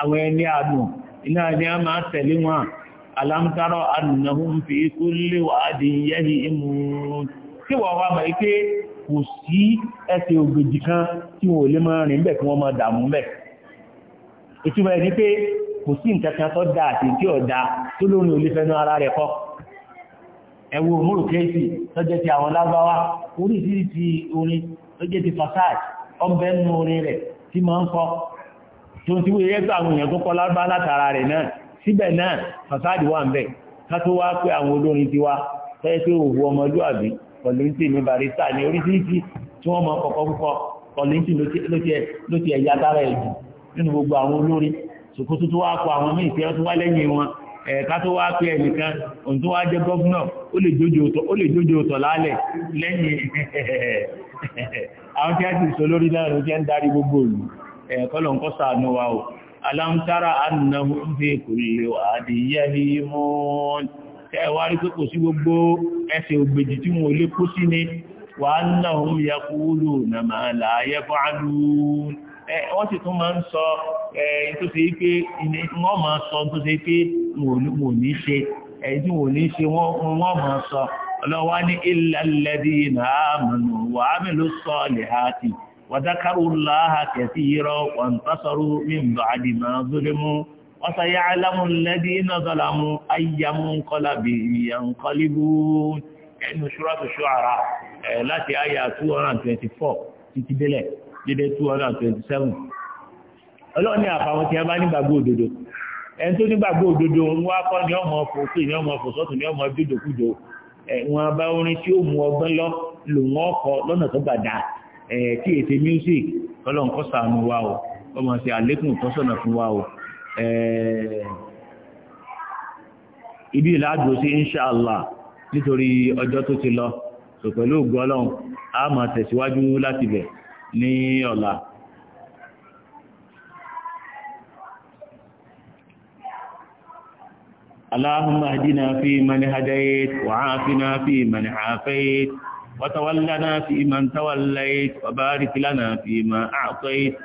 àwọn ẹni àdùn iná ni a máa tẹ̀lé wọn alámtárọ̀ annahum fi kulli wadin yahimun tí wọ́n wá mọ̀ ike kò sí ẹsẹ̀ ògbèjì kan tí wọ́n lè máa rìn bẹ̀ kí wọ́n máa bẹ̀ ìtumọ̀ ẹni pé kò sí nǹkan kan tó dáa àti tí dáa tó lórí olè ara rẹ̀ kọ́ ẹ̀wù òmùrù kéèsì tó ti àwọn lágbáwá orí sí ti orin tó ti fasad ọbẹ̀ orin rẹ̀ tí máa ń tó ń ti wúyẹ́ pé àwọn èèyàn tó kọ́ lábá látara rẹ̀ náà síbẹ̀ náà fàsáàdì wà ń bẹ̀ ká tó wá pé àwọn olórin tiwa fẹ́ pé òwú ọmọlúàbí kọ̀lẹ́ńtì ní barista ní oríṣiríṣi tí wọ́n mọ kọ̀kọ́ púpọ̀ kọ̀lẹ́ńtì ló ti ẹ̀yà dára ẹ̀ jù nínú gbogbo àwọn olórin ṣòkòtò tó wá kọ àwọn míì tí wọ́n tó wá lẹ́yìn wọn ẹ̀ka tó wá pé ẹnìkan òun tó wá jẹ́ gọ́vnà ó lè jójó ọ̀tọ̀ lálẹ̀ lẹ́yìn àwọn tí a ti sọ lórí náà ló jẹ́ ń darí gbogbo ìlú ẹ̀kọ́lọ̀n eh, kọ́ sàánú wa o alámtára annahu fi kulli wadi yahimun ẹwà rí pé kò sí gbogbo ẹsẹ̀ ògbèjì tí wọ́n lè kó sí ni wa annahum yaquluna ma la yaf'alun eh, wọ́n sì tún máa ń sọ eh, وذكروا الله كثيرا وانتصروا من بعد ما ظلموا وسيعلم الذين ظلموا أي منقلب ينقلبون يعني سورة الشعراء láti àyà 224 títí délẹ̀ 227 ọlọ́run ní àfàwọn tí a bá tó ń wá kọ́ ní ọmọ ọ̀fọ̀ ní ọmọ ọ̀fọ̀ sọ́tún ní ọmọ ẹ̀wọ̀n orin tí ó mú ọgbọ́n lọ lọ́nà tó gbàdá kí ètè music ọlọ́run kó ṣàánú wa o ọmọ sí àlékún ìtọ́sọ̀nà fún wa o ibi ìlàdùn sí inṣàlá nítorí ọjọ́ tó ti lọ sọ pẹ̀lú a ma tẹ̀síwájú láti bẹ̀ ní ọ̀la. اللهم اهدنا في من هديت وعافنا في من عافيت وتولنا فيمن توليت وبارك لنا فيما أعطيت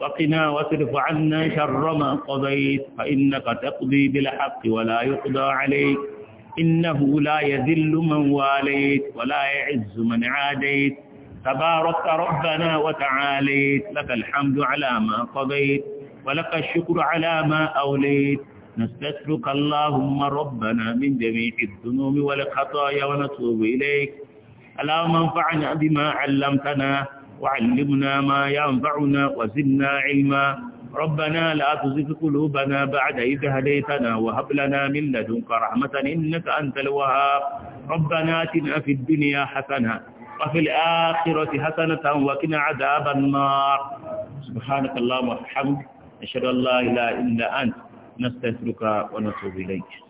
وقنا واصرف عنا شر ما قضيت فإنك تقضي بالحق ولا يقضى عليك إنه لا يذل من واليت ولا يعز من عاديت تبارك ربنا وتعاليت لك الحمد على ما قضيت ولك الشكر على ما أوليت نستسلك اللهم ربنا من جميع الذنوب والخطايا ونتوب إليك اللهم انفعنا بما علمتنا وعلمنا ما ينفعنا وزدنا علما ربنا لا تزغ قلوبنا بعد إذ هديتنا وهب لنا من لدنك رحمة إنك أنت الوهاب ربنا آتنا في الدنيا حسنة وفي الآخرة حسنة وقنا عذاب النار سبحانك اللهم وبحمدك أشهد أن لا إله إلا أنت نستغفرك ونتوب إليك